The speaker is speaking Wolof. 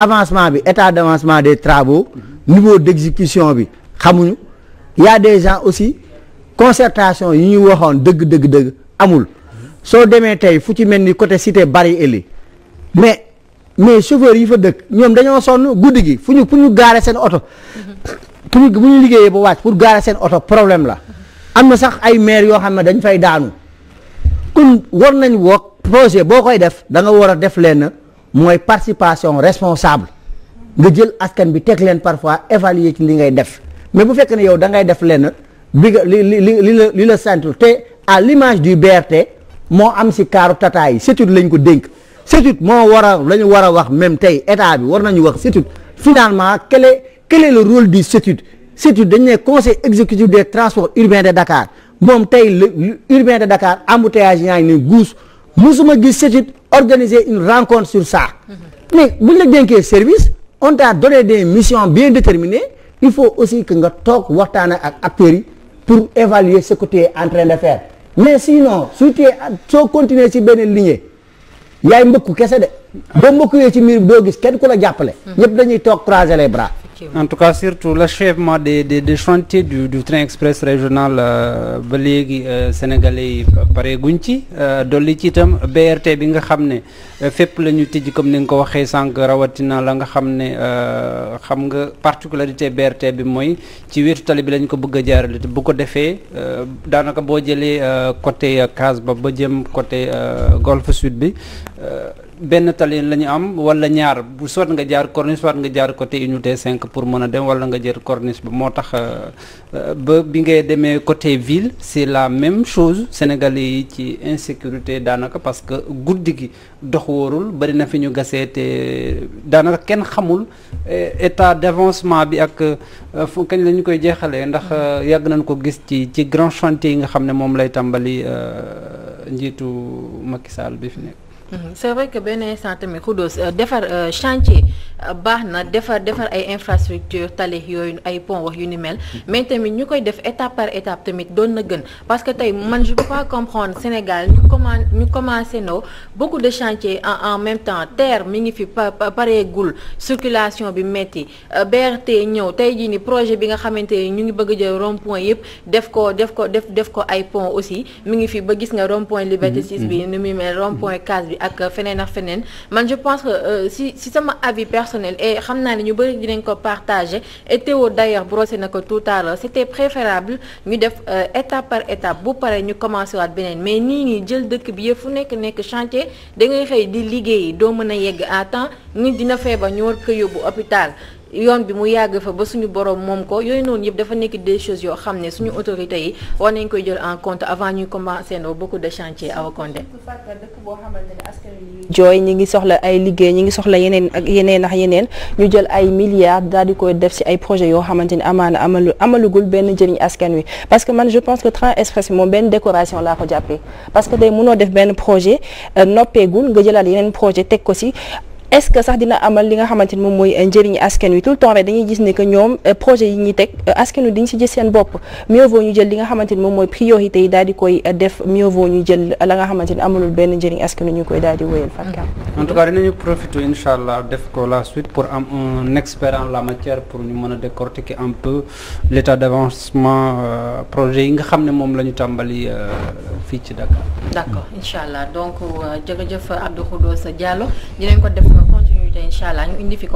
avancement bi état d' avancement des travaux niveau d' exécution bi xamuñu ya a des gens aussi concertation yi ñuy waxoon dëgg dëgg dëgg amul soo demee tey fu ci mel ni côté cité bari eli mais mais chauffeurs yi fa dëkk ñoom dañoo sonn guddi gi fu ñu fu ñu gaare seen oto pour mm-hmm. ñu bu ñu liggéeyee ba wàcc pour gaare seen oto problème la am na sax ay maire yoo xam ne dañ fay daanu kon war nañ woog projet boo koy def da nga war a def lenn mooy participation responsable nga jël askan bi teg leen parfois évaluer ci li ngay def mais bu fekkee ne yow da ngay def lenn bi nga li li li la li la centre te à l'image du berte moo am si kaaru tata yi CETUD lañ ko dénk CETUD moo war a la ñu war a wax même tey état bi war nañu wax CETUD finalement quel est quel est le rôle du dañ ne conseil exécutif de transports urbains de Dakar moom tey le urbain de Dakar embouteillage yaa ngi ne guus musuma gis CETUD organiser une rencontre sur ça. mais bu ñu la dénkee service on t'a donné des missions bien déterminées il faut aussi que nga toog waxtaan ak acteurs yi pour évaluer ce que tu es en train de faire mais sinon su tu es soo continuer si benn lignée yaay mbëkku kese de boo mbëkkuwee ci miir bi doo gis kenn ku la jàppale. Mm-hmm. ñëpp dañuy toog croiser les bras. en tout cas surtout l'achèvement des des de chantiers du du train express régional euh, ba léegi euh, sénégalais yi pare guñ ci euh, dolli ci itam BRT bi nga xam ne fépp lañu tëj comme ni nga ko waxee sànq rawatina la nga xam ne xam nga particularité BRT bi mooy ci wetu tali bi lañ ko bëgg a jaarale bu ko defee daanaka boo jëlee côté Casba ba jëm côté Golfe Sud bi Euh, benn tali la ñu am wala ñaar bu sot nga jaar corniche soit nga jaar côté unité cinq pour mën a dem wala nga jël corniche bi moo tax euh, ba bi ngay demee côté ville c'est la même chose Sénégalais yi ci insécurité daanaka parce que guddi gi dox wóorul bari na fi ñu gasee te daanaka kenn xamul euh, état d'avancement bi ak fu kañ la koy jeexalee ndax yàgg nañ ko gis ci ci grand chantier yi nga xam ne moom lay tàmbali njiitu Macky Sall bi fi nekk. Mhm. c'est vrai que benn instant tamit Khoudoss euh, defar euh, chantier euh, baax na defar defar ay infrastructure tali yooyu ay pont wax yu ni mel mhm. mais tamit ñu koy def état par état tamit doon na gën parce que tey man je peux pas comprendre Sénégal ñu commen ñu commencé noo beaucoup de chantiers en en même temps terre mi ngi fi pareegul circulation bi metti te ñëw tey jii ni projet bi nga xamante ñu ngi bëgg jël rond point yëpp def ko def ko def def ko ay pont aussi mi ngi fi ba gis nga rond point Liberté 6 ak feneen ak feneen man je pense que euh, si si sama avis personnel e xam naa ne ñu bëri dinañ ko partager et Théo d'ailleurs brossé na ko tout à l'heure c'était préférable ñu def euh, état par étape bu pare ñu commencé waat beneen mais nii nii jël dëkk bi yëpp fu nekk nekk chantier da ngay xëy di liggéey doo mën a yegg à temps nit dina feebar ñu war ko yóbbu hôpital yoon bi mu yàgg fa ba suñu borom moom ko yooyu noonu yëpp dafa nekk des choses yoo xam ne suñu autorités yi war nañ koy jël en compte avant ñuy commencer no beaucoup de chantiers Awa Condé jooy ñu ngi soxla ay liggéey ñu ngi soxla yeneen ak yeneen ak yeneen ñu jël ay milliards daal di koy def ci ay projets yoo xamante ni amaana amalu amalugul benn njëriñ askan wi parce que man je pense que train express moom benn décoration laa ko jàppee parce que tey mënoo def benn projet euh, noppeegul nga jëlaat yeneen projet teg ko ci est-ce que sax dina amal li nga xamante ni moom mooy euh, njëriñu askan wi tout le temps rek dañuy gis ne que ñoom euh, projet yi ñuy teg euh, askan wi dañ si gis seen bopp mieux vaut ñu jël li nga xamante ni moom mooy priorité yi daal di koy def mieux vaut ñu jël la nga xamante ni amalul benn njëriñ askan wi ñu koy daal di wéyal Fatou en tout cas dinañu profiter incha def ko la suite pour am un expert en la matière pour ñu mën a décortiquer un peu l' état d' avancement euh, projet yi nga xam ne moom la ñu tàmbali euh, fii ci Dakar. d' accord incha allah donc euh, jërëjëf Abdou sa Diallo dinañ ko def continuité incha allah ñu indi